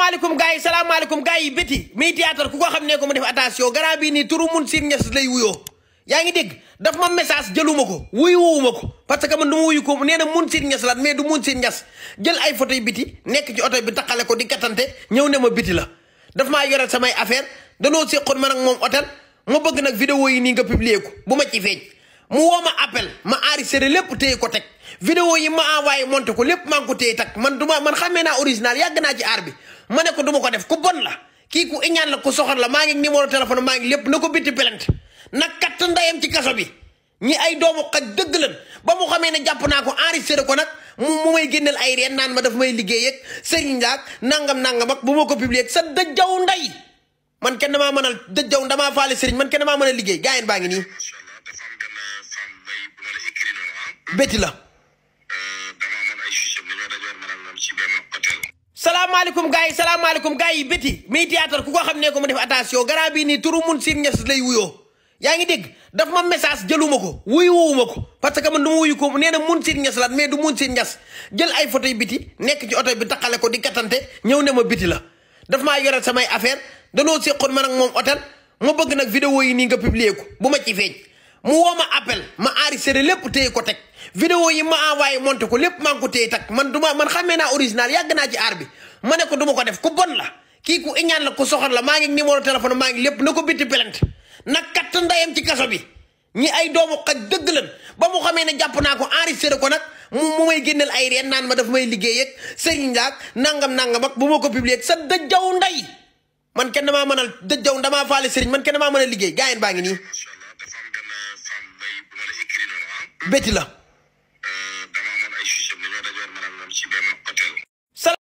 salaamaaleykum gars yi salaamaaleykum gars yi béti mi théâtre ku ko xam ne ko mu def attention garant bii nii turu mun sir ñes lay wuyoo yaa ngi dégg daf ma message jëluma ko wuyu wuuma ko parce que man du ma wuyu ko nee na mun sir ñes la mais du mun sir ñes jël ay photo yi biti nekk ci oto bi taqale ko di kattante ñëw ne ma biti la daf maa yore samay affaire danoo séqoon man ak moom hôtel ma bëgg nag vidéo yi nii nga publier ko bu ma ci feeñ mu woo ma appel ma enregistré lépp téye ko teg vidéo yi ma envoyé monté ko lépp maa ngi ko téye tak man duma man xamee naa original yàgg naa ci aar bi ma ne ko du ko def ku bon la kii ku iñaan la ku soxor la maa ngi numéro téléphone maa ngi lépp na ko bitti pelent na katt ndeyam ci kaso bi ñi ay doomu xaj dëgg lan ba mu xamee ne jàpp naa ko enregistré ko nag mu may génneel ay reen ma daf may liggéey ak sëriñ ndaak nangam nangam bu ma ko publier sa dëjjaw nday man kenn damaa mën a jaw damaa faale sëriñ man kenn damaa mën a liggéey gaayen baa ngi nii béti la salaamaaleykum gars yi salaamaaleykum gars yi béti muy théâtre ku ko xam ne ko mu def attention garab bii nii turu mun sin ñes lay wuyoo yaa ngi dégg daf ma message jëluma ko wuyu wuuma ko parce que man du ma wuyu ko nee na mun sin ñes la mais du mun sin ñes jël ay photo biti nekk ci oto bi taqale ko di kattante ñëw ne ma biti la daf maa yoral samay affaire danoo séqoon man ak moom hôtel ma bëgg nag vidéo yi nii nga publier ko bu ma ci feeñ mu woo ma appel ma enregistré lépp téye ko teg vidéo yi ma envoyé monté ko lépp maa ngi ko téye tag man du ma man xamee naa original yàgg naa ci aar bi ma ne ko du ko def ku bon la kii ku iñaan la ku soxor la maa ngi numéro téléphone maa ngi lépp na ko bitti plainte na katt ndayam ci kaso bi ñi ay doomu xaj dëgg lan ba mu xamee ne jàpp naa ko enregistré ko nag mu may génneel ay reen naan ma daf may liggéey ak sëriñ nangam nangam bu ma ko publier ak sa dëjjaw nday man kenn damaa mën a dëjjaw damaa faale sëriñ man kenn damaa mën liggéey gaa yéen baa ngi nii ah. béti la euh,